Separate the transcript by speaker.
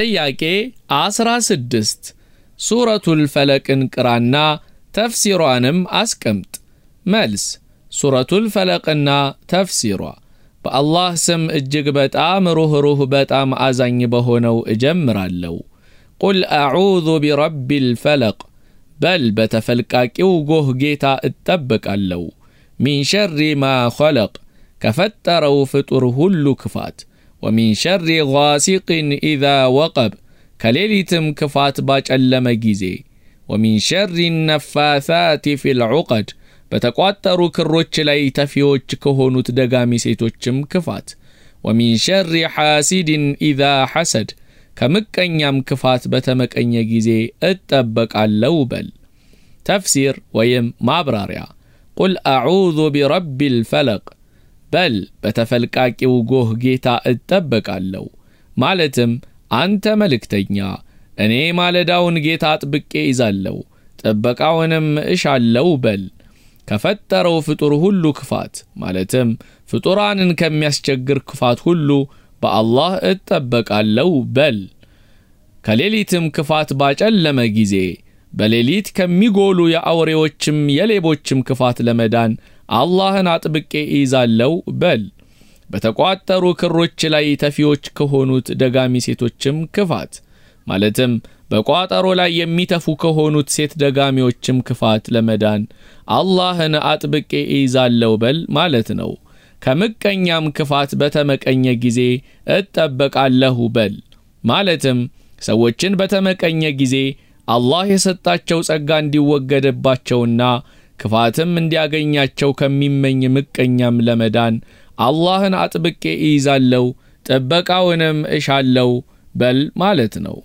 Speaker 1: ጥያቄ 16 ሱረቱል ፈለቅን ቅራና ተፍሲሯንም አስቀምጥ። መልስ ሱረቱል ፈለቅና ተፍሲሯ በአላህ ስም እጅግ በጣም ሩኅሩህ በጣም አዛኝ በሆነው እጀምራለሁ። ቁል አዑዙ ቢረቢል ፈለቅ በል በተፈልቃቂው ጎህ ጌታ እጠበቃለሁ። ሚን ሸሪ ማ ኸለቅ ከፈጠረው ፍጡር ሁሉ ክፋት ومن شر غاسق إذا وقب كليلتم كفات باج ألم جيزي ومن شر النفاثات في العقد بتقواتر كروتش لا يتفيوتش كهونو تدقامي سيتوتشم كفات ومن شر حاسد إذا حسد كمك أن يام كفات بتمك أن يجيزي اتبك اللوبل تفسير ويم مابراريا قل أعوذ برب الفلق በል በተፈልቃቂው ጎህ ጌታ እጠበቃለሁ። ማለትም አንተ መልእክተኛ፣ እኔ ማለዳውን ጌታ አጥብቄ ይዛለሁ፣ ጥበቃውንም እሻለሁ በል ከፈጠረው ፍጡር ሁሉ ክፋት ማለትም ፍጡራንን ከሚያስቸግር ክፋት ሁሉ በአላህ እጠበቃለሁ በል። ከሌሊትም ክፋት ባጨለመ ጊዜ በሌሊት ከሚጎሉ የአውሬዎችም የሌቦችም ክፋት ለመዳን አላህን አጥብቄ እይዛለው በል። በተቋጠሩ ክሮች ላይ ተፊዎች ከሆኑት ደጋሚ ሴቶችም ክፋት ማለትም በቋጠሮ ላይ የሚተፉ ከሆኑት ሴት ደጋሚዎችም ክፋት ለመዳን አላህን አጥብቄ እይዛለው በል ማለት ነው። ከምቀኛም ክፋት በተመቀኘ ጊዜ እጠበቃለሁ በል ማለትም ሰዎችን በተመቀኘ ጊዜ አላህ የሰጣቸው ጸጋ እንዲወገድባቸውና ክፋትም እንዲያገኛቸው ከሚመኝ ምቀኛም ለመዳን አላህን አጥብቄ እይዛለሁ ጥበቃውንም እሻለሁ በል ማለት ነው።